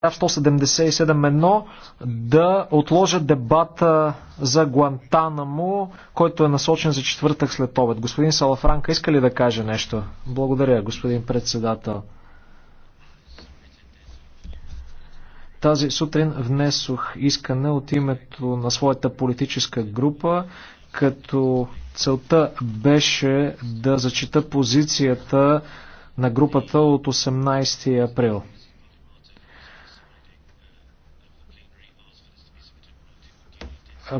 параграф 177.1 да отложа дебата за Гуантанамо, който е насочен за четвъртък след обед. Господин Салафранка, иска ли да каже нещо? Благодаря, господин председател. Тази сутрин внесох искане от името на своята политическа група, като целта беше да зачита позицията на групата от 18 април.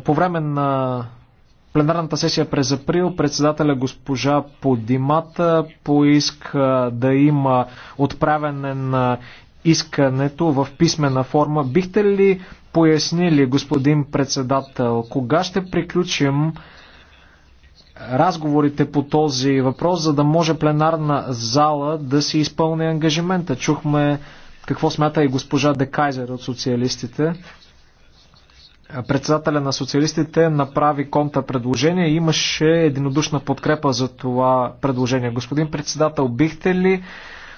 По време на пленарната сесия през април председателя госпожа Подимата поиска да има отправене на искането в писмена форма. Бихте ли пояснили, господин председател, кога ще приключим разговорите по този въпрос, за да може пленарна зала да си изпълни ангажимента? Чухме какво смята и госпожа Декайзер от социалистите председателя на социалистите направи конта предложение и Имаше единодушна подкрепа за това предложение. Господин председател, бихте ли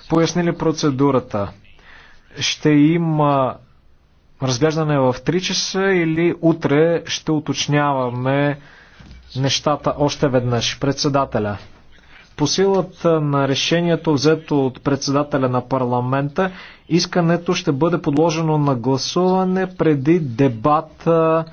пояснили процедурата? Ще има разглеждане в 3 часа или утре ще уточняваме нещата още веднъж? Председателя. По силата на решението, взето от председателя на парламента, искането ще бъде подложено на гласуване преди дебата